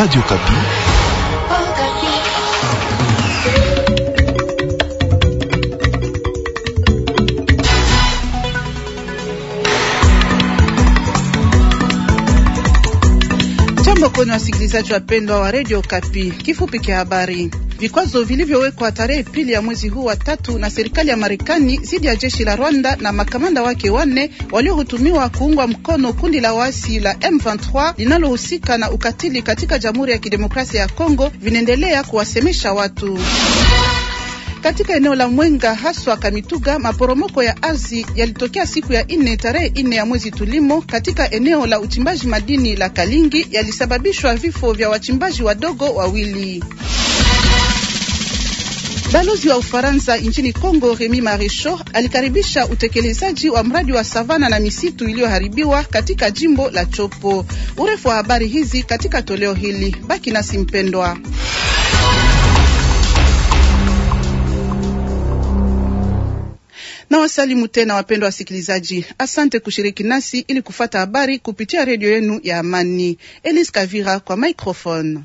Radio Kapi. Jambo kwa wasikilizaji wapendwa wa Radio Kapi. Kifupi cha habari. Vikwazo vilivyowekwa tarehe pili ya mwezi huu wa tatu na serikali ya Marekani dhidi ya jeshi la Rwanda na makamanda wake wanne waliohutumiwa kuungwa mkono kundi la waasi la M23 linalohusika na ukatili katika Jamhuri ya Kidemokrasia ya Kongo vinaendelea kuwasemesha watu. Katika eneo la Mwenga haswa Kamituga, maporomoko ya ardhi yalitokea siku ya nne tarehe nne ya mwezi tulimo katika eneo la uchimbaji madini la Kalingi yalisababishwa vifo vya wachimbaji wadogo wawili. Balozi wa Ufaransa nchini Kongo Remy Maresho alikaribisha utekelezaji wa mradi wa savana na misitu iliyoharibiwa katika jimbo la Chopo. Urefu wa habari hizi katika toleo hili, baki nasi mpendwa. Na wasalimu tena wapendwa wasikilizaji, asante kushiriki nasi ili kufata habari kupitia redio yenu ya Amani. Elise Kavira kwa microphone.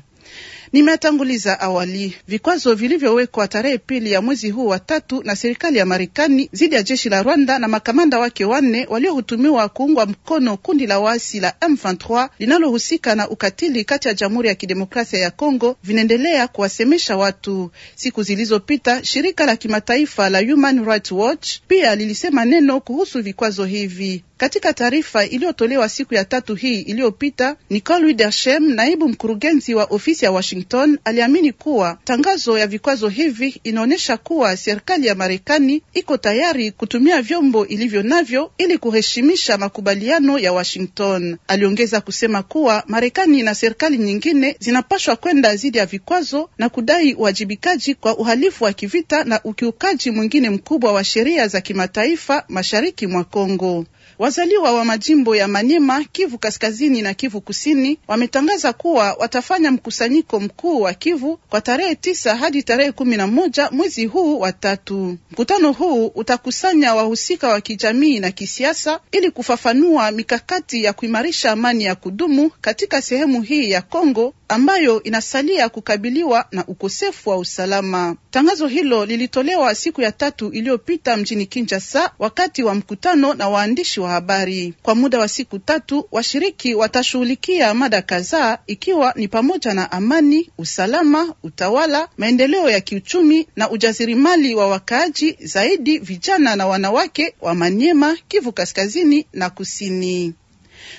Nimetanguliza awali vikwazo vilivyowekwa tarehe pili ya mwezi huu wa tatu na serikali ya Marekani dhidi ya jeshi la Rwanda na makamanda wake wanne waliohutumiwa kuungwa mkono kundi la waasi la M23 linalohusika na ukatili kati ya Jamhuri ya Kidemokrasia ya Kongo vinaendelea kuwasemesha watu. Siku zilizopita shirika la kimataifa la Human Rights Watch pia lilisema neno kuhusu vikwazo hivi. Katika taarifa iliyotolewa siku ya tatu hii iliyopita, Nicole Widershem, naibu mkurugenzi wa ofisi ya Washington, aliamini kuwa tangazo ya vikwazo hivi inaonyesha kuwa serikali ya Marekani iko tayari kutumia vyombo ilivyo navyo ili kuheshimisha makubaliano ya Washington. Aliongeza kusema kuwa Marekani na serikali nyingine zinapashwa kwenda dhidi ya vikwazo na kudai uwajibikaji kwa uhalifu wa kivita na ukiukaji mwingine mkubwa wa sheria za kimataifa mashariki mwa Kongo. Wazaliwa wa majimbo ya manema Kivu Kaskazini na Kivu Kusini wametangaza kuwa watafanya mkusanyiko mkuu wa Kivu kwa tarehe tisa hadi tarehe kumi na moja mwezi huu wa tatu. Mkutano huu utakusanya wahusika wa kijamii na kisiasa ili kufafanua mikakati ya kuimarisha amani ya kudumu katika sehemu hii ya Kongo ambayo inasalia kukabiliwa na ukosefu wa usalama. Tangazo hilo lilitolewa siku ya tatu iliyopita mjini Kinshasa wakati wa mkutano na waandishi wa wa habari. Kwa muda wa siku tatu, washiriki watashughulikia mada kadhaa, ikiwa ni pamoja na amani, usalama, utawala, maendeleo ya kiuchumi na ujasirimali wa wakaaji, zaidi vijana na wanawake wa Manyema, Kivu Kaskazini na Kusini.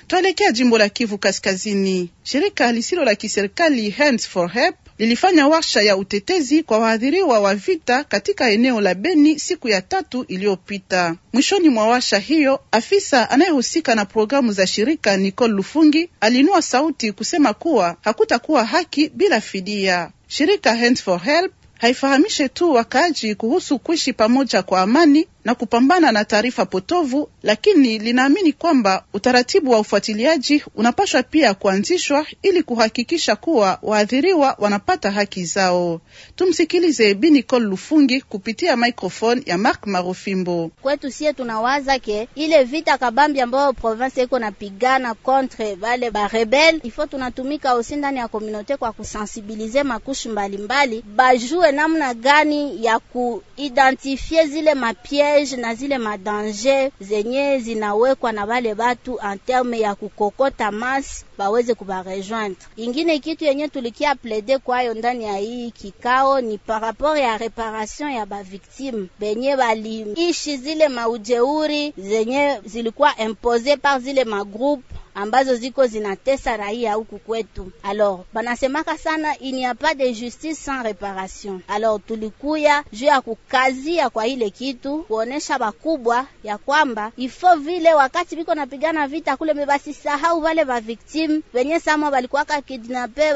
Tuelekea jimbo la Kivu Kaskazini. Shirika lisilo la kiserikali Hands for Help lilifanya warsha ya utetezi kwa waathiriwa wa vita katika eneo la Beni siku ya tatu iliyopita. Mwishoni mwa warsha hiyo, afisa anayehusika na programu za shirika Nicole Lufungi alinua sauti kusema kuwa hakutakuwa haki bila fidia. Shirika Hands for Help haifahamishe tu wakaaji kuhusu kuishi pamoja kwa amani na kupambana na taarifa potovu, lakini linaamini kwamba utaratibu wa ufuatiliaji unapaswa pia kuanzishwa ili kuhakikisha kuwa waathiriwa wanapata haki zao. Tumsikilize Bi Nicole Lufungi kupitia microphone ya Mark Marofimbo. Kwetu sie tunawaza ke ile vita kabambi ambayo province iko napigana contre vale barebel ifo, tunatumika osi ndani ya komunote kwa kusensibilize makushu mbalimbali bajue namna gani ya kuidentifie zile mapie piège na zile madanger zenye zinawekwa na bale batu en terme ya kukokota masi baweze kubarejoindre. Ingine kitu yenye tulikia plede kwayo ndani ya hii kikao ni par rapport ya reparation ya baviktime benye baliishi zile maujeuri zenye zilikuwa impose par zile magroupe ambazo ziko zinatesa raia huku kwetu. Alors banasemaka sana il n'y a pas de justice sans reparation. Alors tulikuya juu ya kukazia kwa ile kitu kuonesha bakubwa ya kwamba ifo vile wakati biko napigana vita kule mebasisahau vale baviktimu venye sama balikuwaka kidnape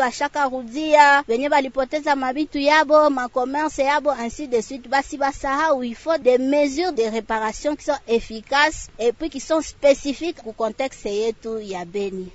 rudia wenye balipoteza mabitu yabo makomerse yabo ainsi de suite, basi basahau. ifo faut des mesures de réparation qui sont efficaces et puis qui sont spécifiques ku contexte yetu ya Beni.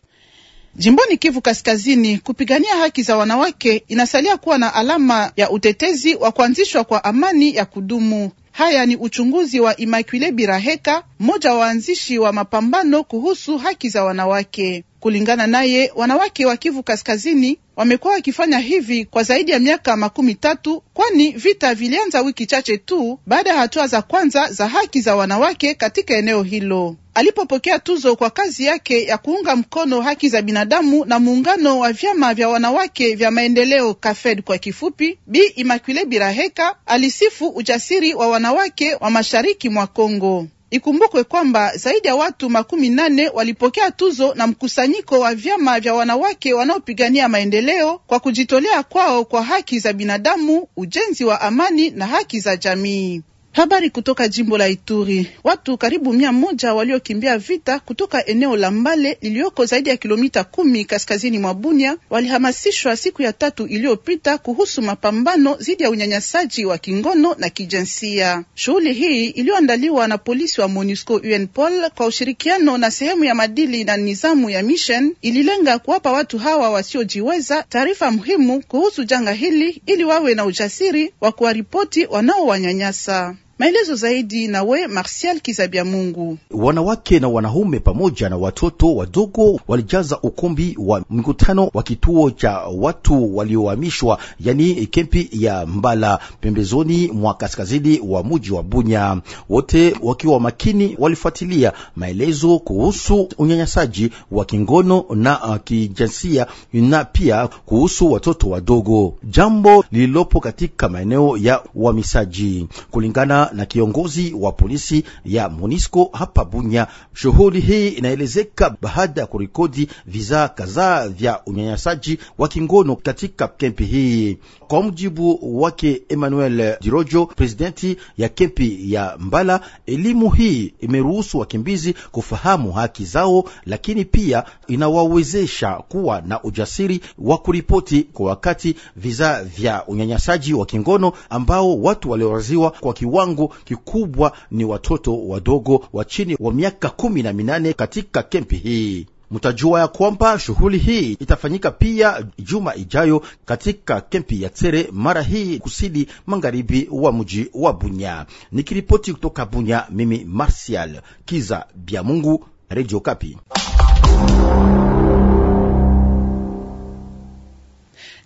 Jimboni Kivu Kaskazini, kupigania haki za wanawake inasalia kuwa na alama ya utetezi wa kuanzishwa kwa amani ya kudumu. Haya ni uchunguzi wa Imakwile Biraheka, mmoja wa waanzishi wa mapambano kuhusu haki za wanawake. Kulingana naye, wanawake wa Kivu Kaskazini wamekuwa wakifanya hivi kwa zaidi ya miaka makumi tatu, kwani vita vilianza wiki chache tu baada ya hatua za kwanza za haki za wanawake katika eneo hilo. Alipopokea tuzo kwa kazi yake ya kuunga mkono haki za binadamu na muungano wa vyama vya wanawake vya maendeleo KAFED kwa kifupi, Bi Imakwile Biraheka alisifu ujasiri wa wanawake wa mashariki mwa Kongo. Ikumbukwe kwamba zaidi ya watu makumi nane walipokea tuzo na mkusanyiko wa vyama vya wanawake wanaopigania maendeleo kwa kujitolea kwao kwa haki za binadamu, ujenzi wa amani na haki za jamii. Habari kutoka jimbo la Ituri. Watu karibu mia moja waliokimbia vita kutoka eneo la Mbale liliyoko zaidi ya kilomita kumi kaskazini mwa Bunia walihamasishwa siku ya tatu iliyopita kuhusu mapambano dhidi ya unyanyasaji wa kingono na kijinsia. Shughuli hii iliyoandaliwa na polisi wa MONUSCO UNPOL kwa ushirikiano na sehemu ya madili na nizamu ya Mission ililenga kuwapa watu hawa wasiojiweza taarifa muhimu kuhusu janga hili ili wawe na ujasiri wa kuwaripoti wanaowanyanyasa. Maelezo zaidi nawe Martial Kizabia Mungu. Wanawake na wanaume pamoja na watoto wadogo walijaza ukumbi wa mkutano wa kituo cha watu waliohamishwa, yani kempi ya Mbala pembezoni mwa kaskazini wa muji wa Bunya. Wote wakiwa makini, walifuatilia maelezo kuhusu unyanyasaji wa kingono na uh, kijinsia na pia kuhusu watoto wadogo, jambo lililopo katika maeneo ya uhamisaji kulingana na kiongozi wa polisi ya Monisco hapa Bunya. Shughuli hii inaelezeka baada ya kurikodi viza kadhaa vya unyanyasaji wa kingono katika kempi hii. Kwa mjibu wake Emmanuel Dirojo, presidenti ya kempi ya Mbala, elimu hii imeruhusu wakimbizi kufahamu haki zao, lakini pia inawawezesha kuwa na ujasiri wa kuripoti kwa wakati viza vya unyanyasaji wa kingono ambao watu walioraziwa kwa kiwango kiwango kikubwa ni watoto wadogo wa chini wa miaka kumi na minane katika kempi hii. Mtajua ya kwamba shughuli hii itafanyika pia juma ijayo katika kempi ya Tere, mara hii kusidi magharibi wa mji wa Bunya. Nikiripoti kutoka Bunya, mimi Martial Kiza Bya Mungu, Radio Kapi.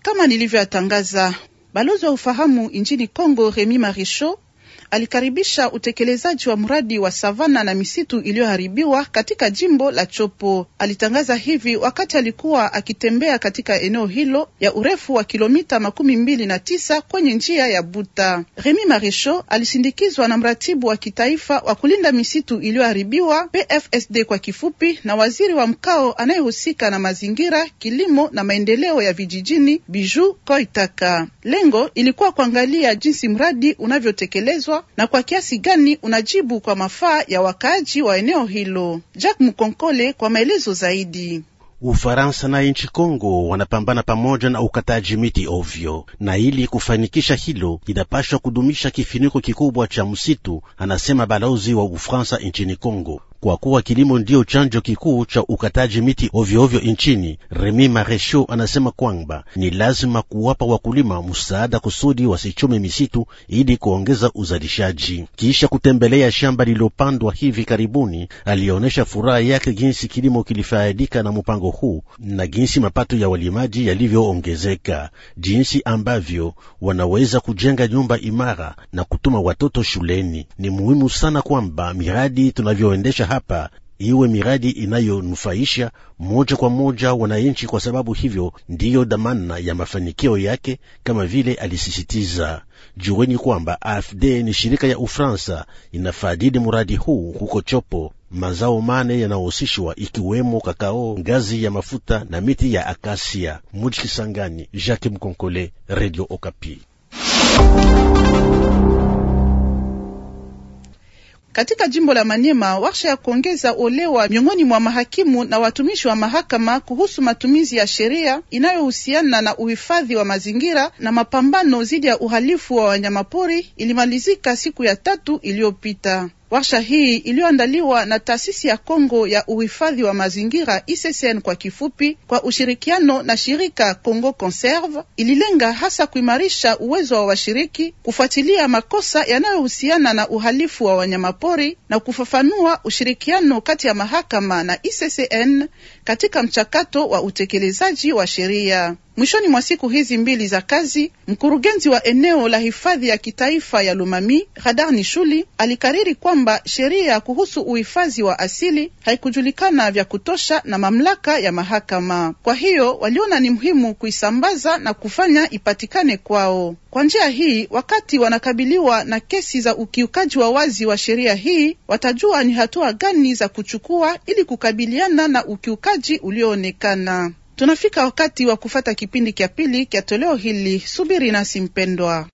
Kama nilivyotangaza, balozi wa ufahamu nchini Kongo Remi Maricho alikaribisha utekelezaji wa mradi wa savana na misitu iliyoharibiwa katika jimbo la Chopo. Alitangaza hivi wakati alikuwa akitembea katika eneo hilo ya urefu wa kilomita makumi mbili na tisa kwenye njia ya Buta. Remi Marisho alisindikizwa na mratibu wa kitaifa wa kulinda misitu iliyoharibiwa PFSD kwa kifupi, na waziri wa mkao anayehusika na mazingira, kilimo na maendeleo ya vijijini Biju Koitaka. Lengo ilikuwa kuangalia jinsi mradi unavyotekelezwa na kwa kiasi gani unajibu kwa mafaa ya wakaaji wa eneo hilo. Jack Mkonkole kwa maelezo zaidi. Ufaransa na nchi Kongo wanapambana pamoja na ukataji miti ovyo, na ili kufanikisha hilo inapashwa kudumisha kifiniko kikubwa cha msitu, anasema balozi wa Ufaransa nchini Kongo kwa kuwa kilimo ndiyo chanjo kikuu cha ukataji miti ovyoovyo nchini. Remi Maresho anasema kwamba ni lazima kuwapa wakulima msaada kusudi wasichume misitu ili kuongeza uzalishaji. Kisha kutembelea shamba lililopandwa hivi karibuni, alionyesha furaha yake jinsi kilimo kilifaidika na mpango huu na jinsi mapato ya walimaji yalivyoongezeka, jinsi ambavyo wanaweza kujenga nyumba imara na kutuma watoto shuleni. Ni muhimu sana kwamba miradi tunavyoendesha hapa iwe miradi inayonufaisha moja kwa moja wananchi, kwa sababu hivyo ndiyo dhamana ya mafanikio yake. Kama vile alisisitiza, juweni kwamba AFD ni shirika ya Ufaransa inafadhili mradi huu huko Chopo, mazao mane yanayohusishwa ikiwemo kakao, ngazi ya mafuta na miti ya akasia. Muji Kisangani, Jacques Mkonkole, Radio Okapi. Katika jimbo la manema warsha ya kuongeza olewa miongoni mwa mahakimu na watumishi wa mahakama kuhusu matumizi ya sheria inayohusiana na uhifadhi wa mazingira na mapambano dhidi ya uhalifu wa wanyamapori ilimalizika siku ya tatu iliyopita. Warsha hii iliyoandaliwa na taasisi ya Kongo ya uhifadhi wa mazingira ICCN kwa kifupi, kwa ushirikiano na shirika Congo Conserve, ililenga hasa kuimarisha uwezo wa washiriki kufuatilia makosa yanayohusiana na uhalifu wa wanyamapori na kufafanua ushirikiano kati ya mahakama na ICCN katika mchakato wa utekelezaji wa sheria. Mwishoni mwa siku hizi mbili za kazi, mkurugenzi wa eneo la hifadhi ya kitaifa ya Lumami Radar Nishuli alikariri kwamba sheria kuhusu uhifadhi wa asili haikujulikana vya kutosha na mamlaka ya mahakama. Kwa hiyo waliona ni muhimu kuisambaza na kufanya ipatikane kwao. Kwa njia hii, wakati wanakabiliwa na kesi za ukiukaji wa wazi wa sheria hii, watajua ni hatua gani za kuchukua ili kukabiliana na ukiukaji ulioonekana. Tunafika wakati wa kufata kipindi kya pili kya toleo hili. Subiri nasi mpendwa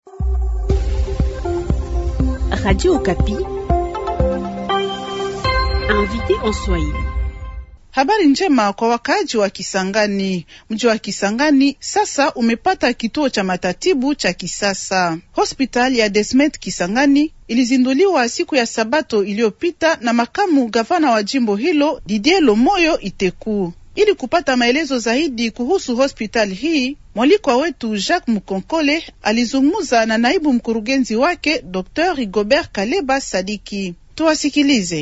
Habari njema kwa wakaaji wa Kisangani. Mji wa Kisangani sasa umepata kituo cha matatibu cha kisasa. Hospitali ya Desmet Kisangani ilizinduliwa siku ya Sabato iliyopita na makamu gavana wa jimbo hilo Didier Lomoyo Iteku. Ili kupata maelezo zaidi kuhusu hospitali hii, mwalikwa wetu Jacques Mukonkole alizungumza na naibu mkurugenzi wake Dr. Rigobert Kaleba Sadiki. Tuwasikilize.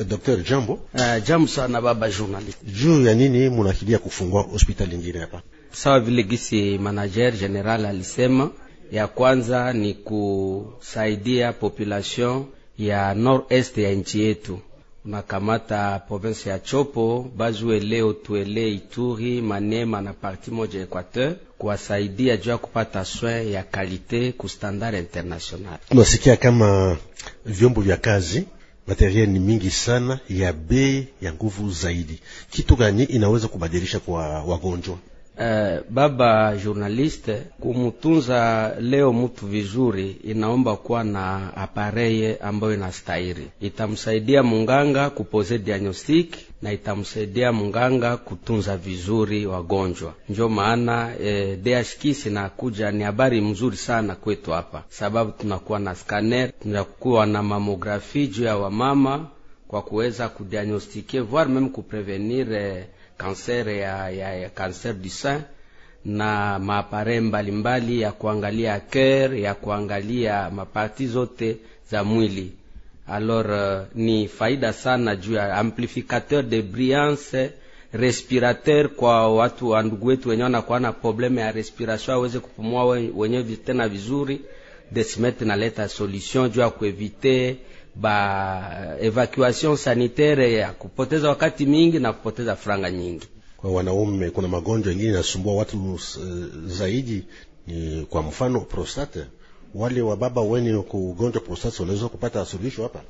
Eh, Dr jambo. Uh, jambo sana baba journalist. Juu ya nini munakilia kufungua hospitali nyingine hapa? Sawa vile gisi manager general alisema, ya kwanza ni kusaidia population ya nord-est ya nchi yetu tunakamata province ya Chopo bazwe leo tuele Ituri, Manema na parti moja Equateur kuwasaidia juu ya kupata soin ya kalite ku standard international. Tunasikia kama vyombo vya kazi materiel ni mingi sana ya bei ya nguvu zaidi. Kitu gani inaweza kubadilisha kwa wagonjwa? Uh, baba journaliste kumutunza leo mtu vizuri inaomba kuwa na apareye ambayo inastahili, itamsaidia munganga kupoze diagnostic na itamsaidia munganga kutunza vizuri wagonjwa. Njo maana eh, DHKS inakuja ni habari mzuri sana kwetu hapa, sababu tunakuwa na scanner, tunakuwa na mamografi juu ya wamama kwa kuweza kudiagnostike voir meme kuprevenir eh, cancer ya, ya, ya cancer du sein na maapare mbalimbali ya kuangalia cœur ya kuangalia maparti zote za mwili. Alors uh, ni faida sana juu ya amplificateur de brillance respirateur kwa watu wa ndugu wetu wenyewe wanakuwa na probleme ya respiration, aweze kupumua wenyewe tena vizuri. Desmet naleta solution juu ya kuevite ba eh, evacuation sanitaire ya kupoteza wakati mingi na kupoteza franga nyingi. Kwa wanaume kuna magonjwa mengine yanasumbua watu uh, zaidi ni kwa mfano prostate. Wale wa baba wenye kugonjwa prostate wanaweza kupata suluhisho hapa.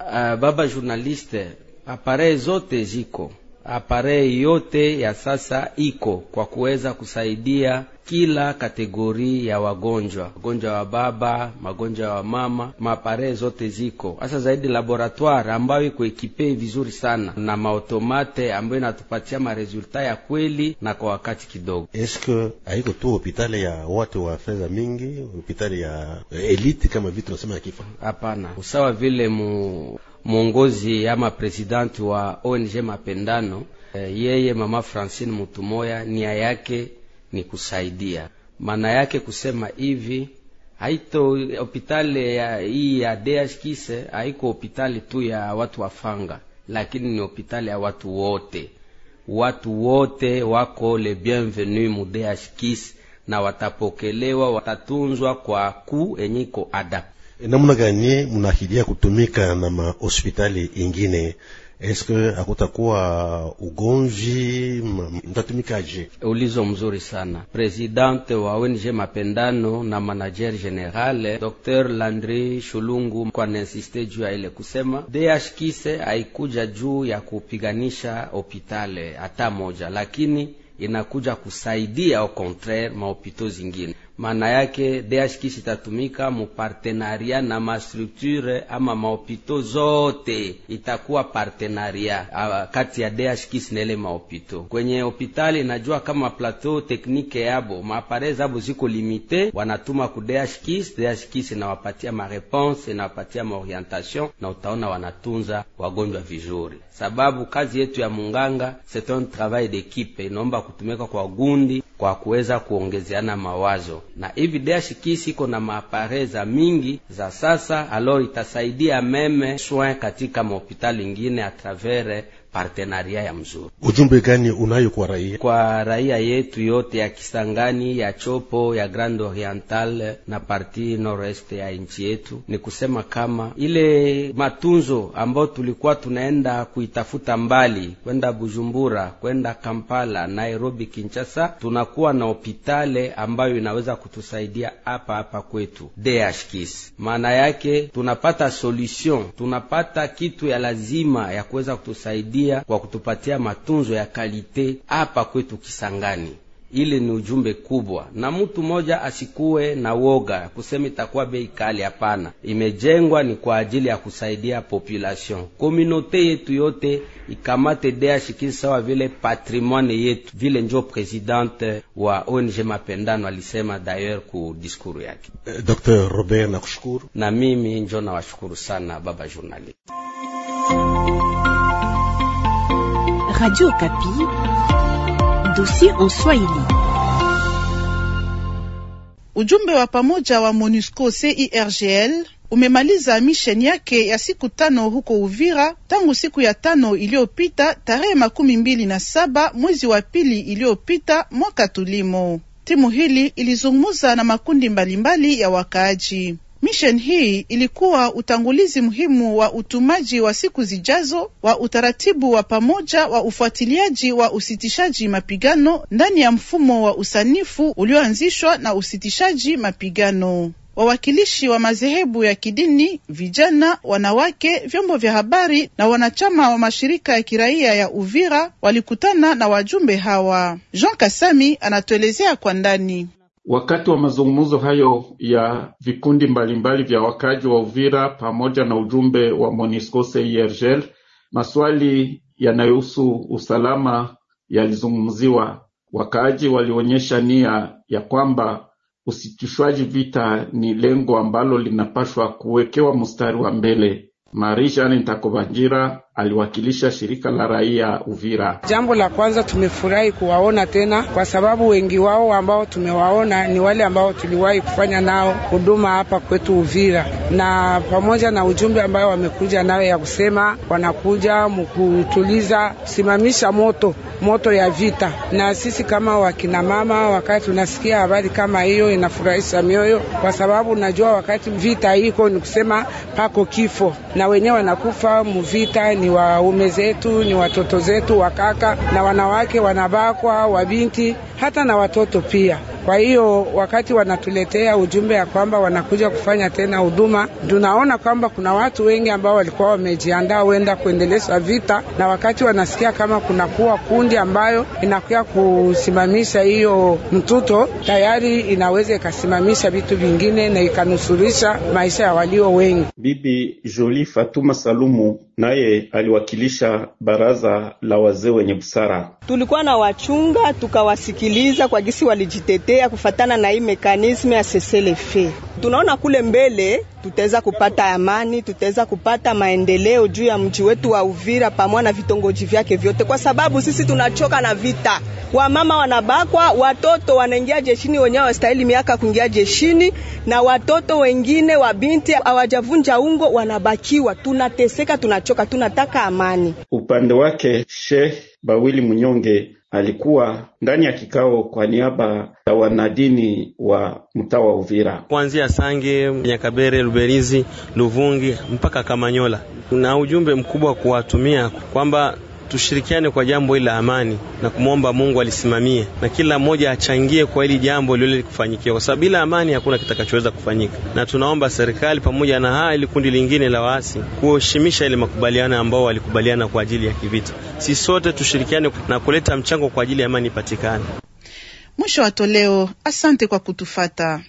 Uh, baba journaliste, appareil zote ziko aparei yote ya sasa iko kwa kuweza kusaidia kila kategori ya wagonjwa, wagonjwa wa baba, magonjwa wa mama, maapare zote ziko hasa zaidi laboratoire ambayo iko ekipe vizuri sana na maotomate ambayo inatupatia maresulta ya kweli na kwa wakati kidogo. Eske haiko tu hopitali ya watu wa fedha mingi, hopitali ya elite kama vitu nasema ya kifa? Hapana, usawa vile mu mwongozi ama presidenti wa ONG Mapendano, eh, yeye mama Francine Mutumoya, nia yake ni kusaidia. Maana yake kusema hivi haito hospitali ya hii ya Deas haiko hospitali tu ya watu wafanga, lakini ni hospitali ya watu wote. Watu wote wako le bienvenu mu Deas na watapokelewa, watatunzwa kwa ku enyiko adapt Eh, namna gani mnahidia kutumika na mahospitali ingine? Eske akutakuwa ugomvi, mtatumikaje? Ulizo mzuri sana. Presidente wa ONG Mapendano na manager general Dr. Landry Shulungu kwa insiste juu ya ile kusema DHKISE haikuja juu ya kupiganisha hopitale hata moja, lakini inakuja kusaidia au contraire mahopito zingine maana yake DHKIS itatumika mupartenaria na mastrukture ama mahopito zote, itakuwa partenaria kati ya DHKIS na ile mahopito. Kwenye hopitali najua kama plateau teknike yabo maapare zabo ziko limite, wanatuma ku DHKIS, DHKIS inawapatia mareponse, inawapatia maorientation na utaona wanatunza wagonjwa vizuri, sababu kazi yetu ya munganga c'est un travail d'équipe, inaomba kutumika kwa gundi kwa kuweza kuongezeana mawazo, na hivi dash kisi iko na maapareza mingi za sasa, alo itasaidia meme soin katika mahopitali ingine atravere partenaria ya mzuri. Ujumbe gani unayo kwa raia? Kwa raia yetu yote ya Kisangani, ya Chopo, ya Grand Oriental na parti nord-est ya nchi yetu, ni kusema kama ile matunzo ambayo tulikuwa tunaenda kuitafuta mbali, kwenda Bujumbura, kwenda Kampala, Nairobi, Kinshasa, tunakuwa na hopitale ambayo inaweza kutusaidia hapa hapa kwetu DHKIS. Maana yake tunapata solution, tunapata kitu ya lazima ya kuweza kutusaidia kutusaidia kwa kutupatia matunzo ya kalite hapa kwetu Kisangani. Ile ni ujumbe kubwa, na mtu mmoja asikuwe na woga kusema itakuwa bei kali. Hapana, imejengwa ni kwa ajili ya kusaidia population. Komunote yetu yote ikamate deashikiri sawa vile patrimoine yetu vile, njo presidente wa ONG Mapendano alisema dayer ku diskuru yake. Eh, Dr. Robert nakushukuru. Na mimi njo nawashukuru sana baba journalist Radio Kapi, Dossier en Swahili. Ujumbe wa pamoja wa MONUSCO CIRGL umemaliza misheni yake ya siku tano huko Uvira tangu siku ya tano iliyopita tarehe makumi mbili na saba mwezi wa pili iliyopita mwaka tulimo. Timu hili ilizungumza na makundi mbalimbali mbali ya wakaaji. Misheni hii ilikuwa utangulizi muhimu wa utumaji wa siku zijazo wa utaratibu wa pamoja wa ufuatiliaji wa usitishaji mapigano ndani ya mfumo wa usanifu ulioanzishwa na usitishaji mapigano. Wawakilishi wa madhehebu ya kidini, vijana, wanawake, vyombo vya habari na wanachama wa mashirika ya kiraia ya Uvira walikutana na wajumbe hawa. Jean Kasami anatuelezea kwa ndani. Wakati wa mazungumzo hayo ya vikundi mbalimbali vya wakaji wa Uvira pamoja na ujumbe wa MONUSCO CIRGL, maswali yanayohusu usalama yalizungumziwa. Wakaaji walionyesha nia ya kwamba usitishwaji vita ni lengo ambalo linapashwa kuwekewa mstari wa mbele. Marisha Ntakobanjira, aliwakilisha shirika la raia Uvira. Jambo la kwanza tumefurahi kuwaona tena, kwa sababu wengi wao ambao tumewaona ni wale ambao tuliwahi kufanya nao huduma hapa kwetu Uvira, na pamoja na ujumbe ambayo wamekuja nayo ya kusema wanakuja mkutuliza kusimamisha moto moto ya vita. Na sisi kama wakinamama, wakati tunasikia habari kama hiyo, inafurahisha mioyo, kwa sababu unajua wakati vita iko ni kusema pako kifo, na wenyewe wanakufa muvita ni waume zetu, ni watoto zetu, wakaka na wanawake wanabakwa, wabinti hata na watoto pia. Kwa hiyo wakati wanatuletea ujumbe ya kwamba wanakuja kufanya tena huduma, tunaona kwamba kuna watu wengi ambao walikuwa wamejiandaa wenda kuendelesha vita, na wakati wanasikia kama kunakuwa kundi ambayo inakuya kusimamisha hiyo mtoto, tayari inaweza ikasimamisha vitu vingine na ikanusurisha maisha ya walio wengi. Bibi Jolie Fatuma Salumu naye aliwakilisha baraza la wazee wenye busara. Tulikuwa na wachunga tukawasikiliza kwa gisi walijitetea kufatana na hii mekanisme ya seselefe tunaona kule mbele tutaweza kupata amani, tutaweza kupata maendeleo juu ya mji wetu wa Uvira pamoja na vitongoji vyake vyote, kwa sababu sisi tunachoka na vita. Wamama wanabakwa, watoto wanaingia jeshini, wenyewe wastahili miaka kuingia jeshini, na watoto wengine wa binti hawajavunja ungo, wanabakiwa. Tunateseka, tunachoka, tunataka amani. Upande wake Sheikh Bawili Munyonge alikuwa ndani ya kikao kwa niaba ya wanadini wa mtaa wa Uvira, kuanzia Sange, Nyakabere, Luberizi, Luvungi mpaka Kamanyola, na ujumbe mkubwa kuwatumia kwamba tushirikiane kwa jambo hili la amani na kumwomba Mungu alisimamie na kila mmoja achangie kwa hili jambo lile kufanyikia, kwa sababu bila amani hakuna kitakachoweza kufanyika. Na tunaomba serikali pamoja na haya ili kundi lingine la waasi kuheshimisha ile makubaliano ambao walikubaliana kwa ajili ya kivita. Si sote tushirikiane na kuleta mchango kwa ajili ya amani ipatikane. Mwisho wa toleo. Asante kwa kutufata.